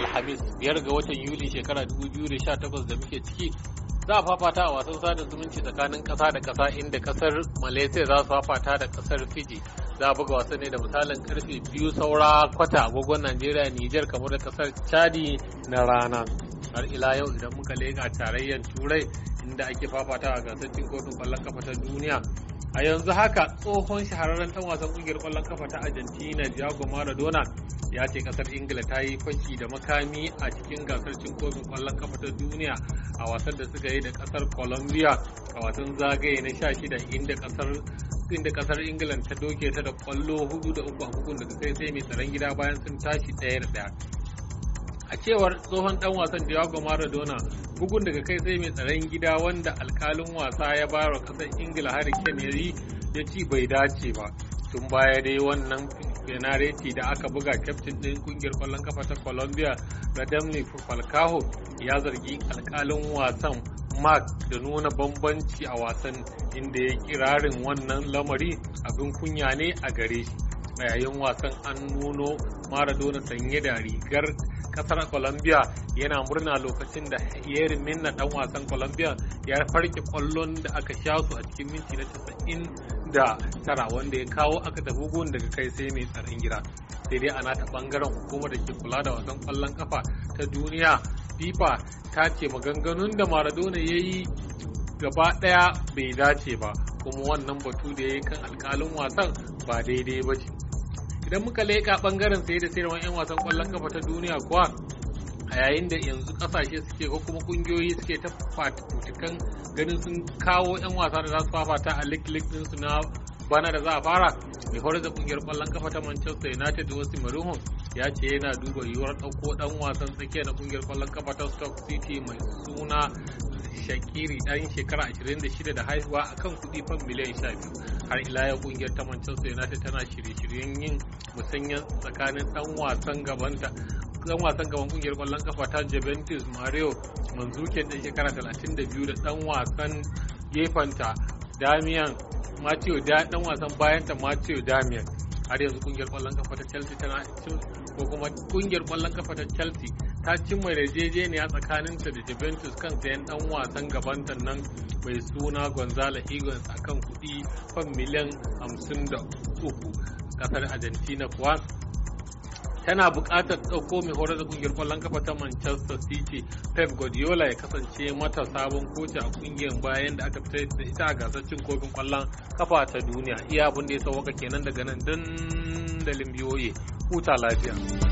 alhamis biyar ga watan yuli shekara 2018 da muke ciki za a fafata a wasan sada zumunci tsakanin kasa da kasa inda kasar malaysia za su fafata da kasar fiji za a buga wasan ne da misalin karfe biyu saura kwata agogon najeriya nijar kamar da kasar chadi na rana har ila yau idan muka lega tarayyar turai inda ake fafata a gasar cin kofin kwallon kafa ta duniya a yanzu haka tsohon shahararren dan wasan kungiyar kwallon kafa ta argentina diego maradona ya ce kasar ingila ta yi fashi da makami a cikin gasar cin kofin kwallon kafa ta duniya a wasan da suka yi da kasar colombia a wasan zagaye na shida inda kasar inda kasar ingila ta doke ta da kwallo hudu da uku a hukun da kai sai mai tsaron gida bayan sun tashi ɗaya da ɗaya a cewar tsohon dan wasan Diego Maradona bugun daga kai sai mai tsaron gida wanda alkalin wasa ya bayar wa kasar Ingila Harry Kane ya ci bai dace ba tun baya dai wannan Benareti da aka buga kyaftin ɗin kungiyar kwallon kafa ta Colombia Radamli Falcao ya zargi alkalin wasan Mark da nuna bambanci a wasan inda ya kirarin wannan lamari abin kunya ne a gare shi. A yayin wasan an nuno Maradona sanye da rigar kasar Colombia yana murna lokacin da Yeri Minna dan wasan Colombia ya farke kwallon da aka sha su a cikin minti na 90 da tara wanda ya kawo aka tafi gun daga kai sai mai tsaron gida sai dai a nata bangaren hukumar da ke kula da wasan kwallon kafa ta duniya fifa ta ce maganganun da maradona ya yi gaba daya bai dace ba kuma wannan batu da ya yi kan alkalin wasan ba daidai ba ce idan muka leƙa bangaren sai da sayarwa 'yan wasan kwallon kafa ta duniya kuwa a yayin da yanzu kasashe suke ko kuma kungiyoyi suke ta ganin sun kawo 'yan wasa da za su fafata a lik-lik ɗinsu na bana da za a fara mai horar da kungiyar kwallon kafa ta manchester united wasu maruhun ya ce yana duba yiwuwar ɗauko ɗan wasan tsakiya na kungiyar kwallon kafa ta stock city mai suna shakiri dan shekara 26 da haihuwa a kan kuɗi fan miliyan 12 har ila ya kungiyar ta manchester united tana shirye-shiryen yin musanyen tsakanin ɗan wasan gabanta dan wasan gaban kungiyar kwallon kafa ta Juventus Mario Manzuke da shekara 32 da dan wasan gefanta Damian Matteo da dan wasan bayanta Matteo Damian har yanzu kungiyar kwallon kafa ta Chelsea tana ko kuma kungiyar kwallon kafa ta Chelsea ta cimma tsakanin ta da Juventus kan sayan dan wasan ta nan mai suna Gonzalo Higuain akan kuɗi fan miliyan 53 kasar Argentina kuwa tana buƙatar ɗauko mai horar da kungiyar ƙwallon kafa ta Manchester City Pep Guardiola ya kasance mata sabon koci a kungiyar bayan da aka fitar da ita a gasar cin kofin ƙwallon kafa ta duniya iya abin da ya sauka kenan daga nan dandalin biyoye huta lafiya.